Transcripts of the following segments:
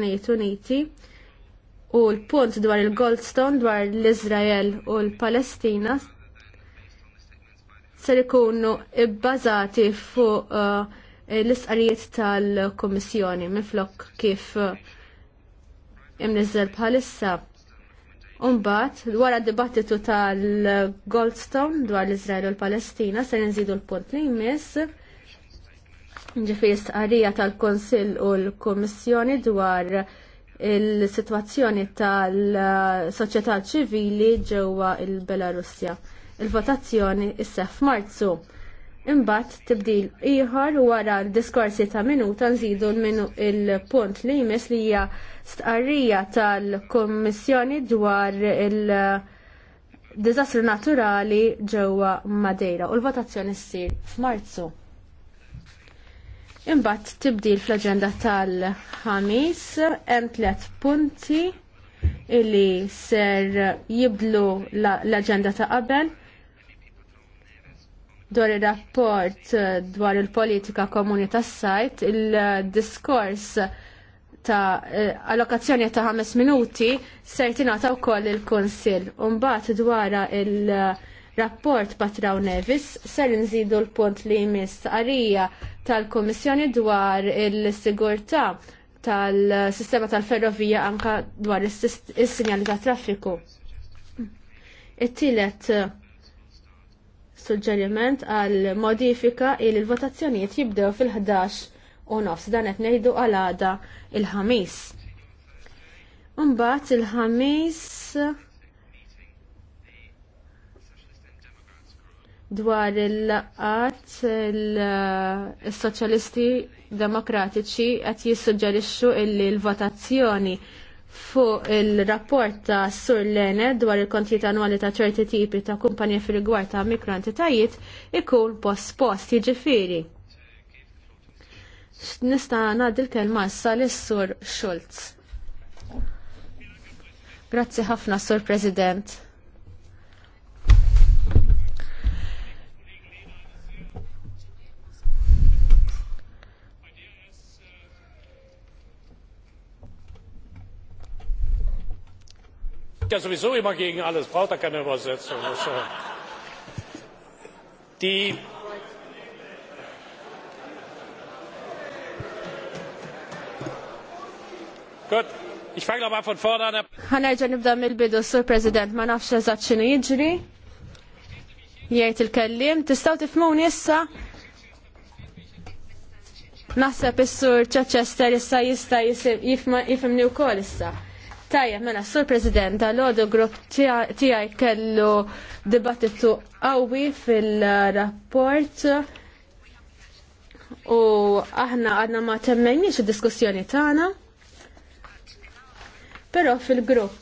Nazzjonijiet Uniti u l-punt dwar il-Goldstone dwar l-Izrael u l-Palestina ser ikunu bbażati fuq uh, eh, l-isqarijiet tal kummissjoni miflok kif uh, eh, imnizzel bħalissa. Umbat, wara dibattitu tal-Goldstone dwar l-Izrael u l-Palestina, ser nżidu l-punt li jmiss ġifiri stqarrija tal konsil u l-Komissjoni dwar il-situazzjoni tal-soċjetà ċivili ġewwa il-Belarusja. Il-votazzjoni issa f'Marzu. Imbagħad tibdil ieħor wara l-diskorsi ta' minuta nżidu il-punt li jmiss li hija stqarrija tal kummissjoni dwar il- Dizastru naturali ġewwa Madeira u l-votazzjoni ssir f'Marzu. Imbagħad tibdil fl agenda tal-ħamis hemm tliet punti illi ser jibdlu l-aġenda ta' qabel dwar ir-rapport eh, dwar il-politika komuni tas-sajt, il-diskors ta' eh, allokazzjoni ta' 5 minuti ser tingħata wkoll il-Kunsill. u mbagħad dwar il-rapport Patraw Nevis ser nżidu l-punt li jmiss għarija tal-Komissjoni dwar il-sigurtà tal-sistema tal-ferrovija anka dwar is-sinjali ta' traffiku. It-tielet eh, suġġeriment għal modifika il l-votazzjonijiet jibdew fil-11 u nofs dan qed ngħidu għal għada il-ħamis. Mbagħad il-ħamis il ħamis mbagħad il il ħamis dwar il-laqat eh, il-soċjalisti demokratiċi qed jissuġġerixxu illi l-votazzjoni fuq il-rapport ta' Sur Lene dwar il-kontijiet annwali ta' ċerti tipi ta' kumpanija fil gwar ta' mikrantitajiet ikun pospost jiġifieri. Nista' ngħaddi l-kelma issa lis-Sur Schulz. Grazzi ħafna, Sur President. ja sowieso immer gegen alles, braucht da keine Übersetzung. Die Gut, ich fange nochmal von vorne an. Hanna, Ħanerġa' da mill-bidu, Sir President, ma nafx eżatt x'inhu jiġri. Jgħid il-kellim, tistgħu tifhmuni issa? Naħseb is-sur Ċaċester jissa jista' jifhimni wkoll jissa. Tajja, mela, sur President, l ħodu grupp tijaj kellu dibattitu qawwi fil-rapport u aħna għadna ma temmenniex diskussjoni tagħna. Però fil-grupp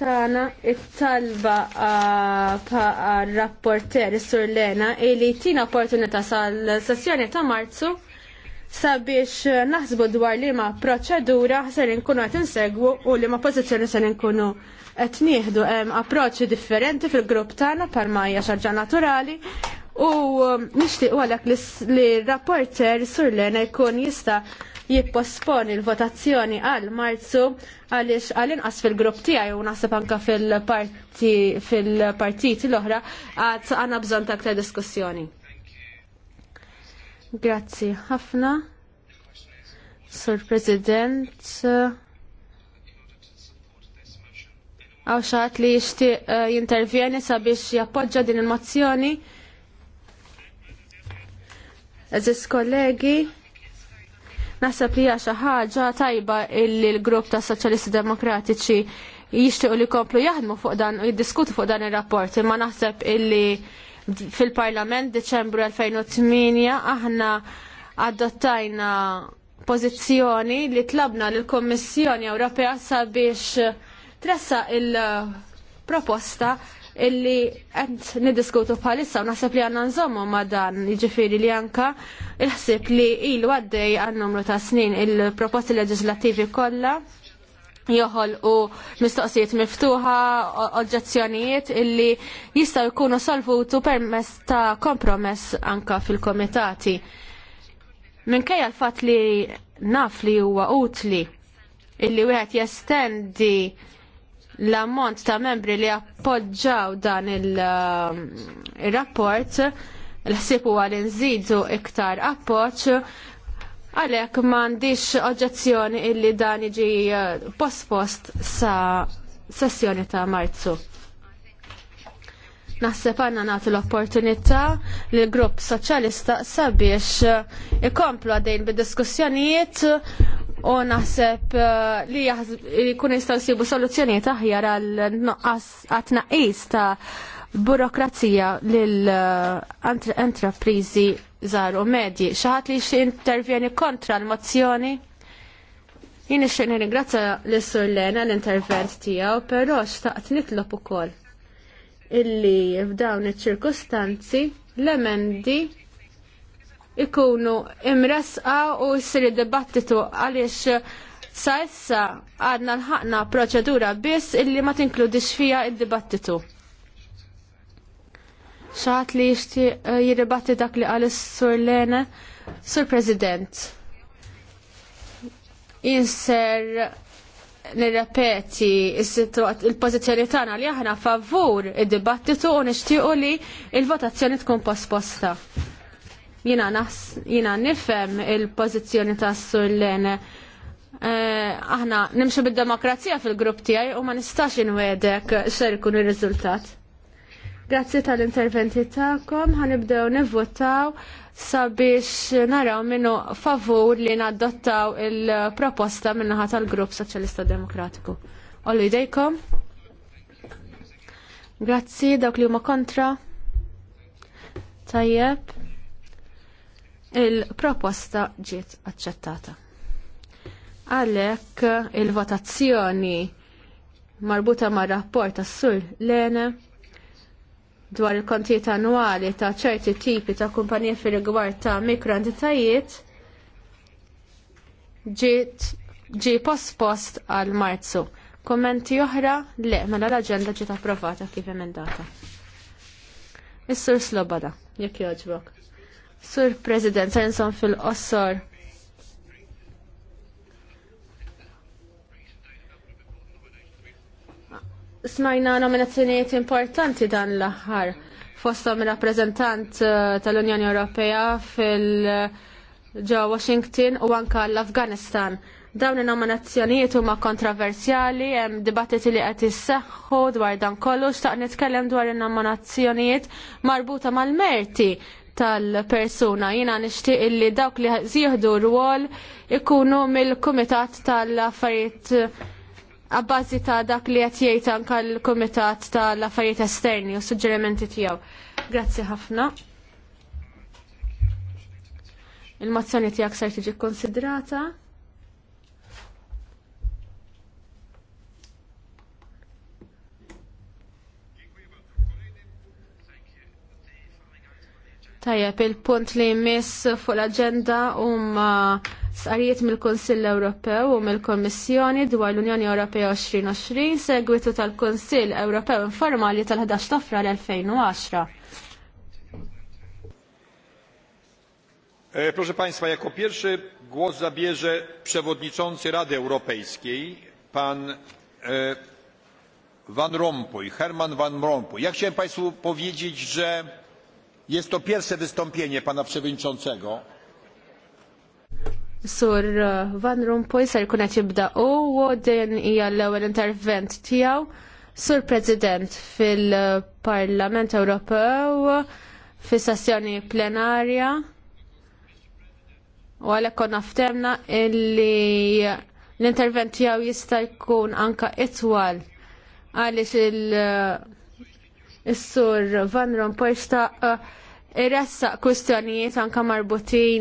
tagħna it-talba għal-rapporter Sur Lena li tina opportunità sal-sessjoni ta' Marzu sabiex eh, naħsbu dwar li ma proċedura ser nkunu qed insegwu u li ma pożizzjoni ser nkunu qed nieħdu hemm approċċi differenti fil-grupp tagħna par maja xarġa naturali u nixtieq għalak li rapporter sur Lena jkun jista' jipposponi l-votazzjoni għal Marzu għaliex għalin inqas fil-grupp tiegħi u naħseb anke fil-partit fil partiti fil l oħra għad għandna bżonn ta' diskussjoni. Grazzi ħafna. Sur President, għaw xaħat li jishtiq eh, jintervjeni sabiex jappoġġa din il-mozzjoni. Eżis kollegi, naħseb li għaxa ħaġa tajba illi l-grupp ta' Soċjalisti Demokratiċi u li komplu jaħdmu fuq dan u jiddiskutu fuq dan il-rapport, imma naħseb illi fil-Parlament Deċembru 2008 aħna adottajna pożizzjoni li tlabna lill-Kummissjoni Ewropea sabiex tressa il-proposta illi għed nidiskutu bħalissa u naħseb li għanna nżommu ma dan jiġifieri li anka il-ħsib li ilu għaddej għan numru ta' snin il-proposti leġislativi kolla joħol u mistoqsijiet miftuħa, oġġezzjonijiet illi jistaw jkunu solvutu permess ta' kompromess anka fil-komitati. Minkejja l-fat li naf li huwa utli illi wieħed jestendi l-ammont ta' membri li appoġġaw dan um, il-rapport il rapport l-ħsib huwa li nżidu iktar appoġġ. Għalek mandiċ oġġezzjoni illi dan iġi eh, post-post sa sessjoni ta' marzu. Naħseb għanna nagħtu l-opportunità li l-grupp soċjalista sabiex eh, ikomplu għadejn bid-diskussjonijiet u naħseb eh, li jkun jistgħu sibu soluzzjonijiet aħjar għal nuqqas għatnaqis tnaqqis ta' burokrazija lill entreprizi żgħar u medji. xaħat li xi intervjeni kontra l-mozzjoni? Jien ixtieq nirringrazzja l sur Lena l-intervent tiegħu, però xtaqt nitlob ukoll illi f'dawn iċ-ċirkustanzi l-emendi ikunu imresqa u jsir dibattitu għaliex sa issa għadna l-ħakna proċedura biss illi ma tinkludix fija id-dibattitu xaħat li jishti eh, jirribati dak li għal sur Lena, sur President. Inser nirrepeti il-pozizjoni tagħna li aħna favur id-dibattitu u nixtiequ li il-votazzjoni tkun posposta. Jina nas jina nifhem il-pożizzjoni ta' sur Lena. Eh, aħna nimxu bid-demokrazija fil-grupp tiegħi u ma nistax inwedek xer ikun ir-riżultat. Grazzi tal-interventi ta'kom, ħanibdew nivvotaw sabiex naraw minnu favur li nadottaw il-proposta minnaħa tal-Grupp Soċjalista Demokratiku. Ollu idejkom. Grazzi, dawk li huma kontra. Tajjeb. Il-proposta ġiet aċċettata. Għalhekk il-votazzjoni marbuta mar rapport tas-sur Lene dwar il-kontijiet annwali ta' ċerti tipi ta' kumpanija fil-rigward ta' mikroentitajiet ġi post għal marzu. Kommenti oħra le, mela l-agenda ġiet approvata kif emendata. Is-sur Sloboda, jekk jogħġbok. Sur President, sa' fil-qossor smajna nominazzjonijiet importanti dan l-aħħar fostom rappreżentant eh, tal-Unjoni Ewropea fil- ġo Washington u anka l-Afganistan. Dawn il-nominazzjonijiet huma kontroversjali, hemm dibattiti li qed isseħħu dwar dan kollu, xtaq nitkellem dwar il-nominazzjonijiet marbuta mal-merti tal-persuna. Jina nixtieq illi dawk li jieħdu rwol ikunu mill-Kumitat tal-Affarijiet għabbażi ta' dak li qed jgħid anke l-Kumitat tal-Affarijiet Esterni u suġġerimenti tiegħu. Grazzi ħafna. Il-mozzjoni tiegħek ser tiġi konsidrata. Tajjeb, il-punt li jmiss fuq l-agenda huma sqarijiet mill-Kunsill Ewropew u mill-Kommissjoni dwar l-Unjoni Ewropea 2020 segwitu tal-Kunsill Ewropew informali tal-11 ta' frar 2010. E, proszę Państwa, jako pierwszy głos zabierze przewodniczący Rady Europejskiej, pan e, Van Rompuy, Herman Van Rompuy. Ja chciałem Państwu powiedzieć, że Jest to pierwsze wystąpienie pana przewodniczącego. Sur uh, Van Rompuy ser jkun qed jibda u din hija l-ewwel intervent tiegħu. Sur President fil-Parlament Ewropew fis sessjoni plenarja u għalhekk konna ftemna illi l-intervent tiegħu jista' jkun anka itwal għaliex il- Is-sur Van Rompuy xtaq eh, irressaq kwistjonijiet anke marbutin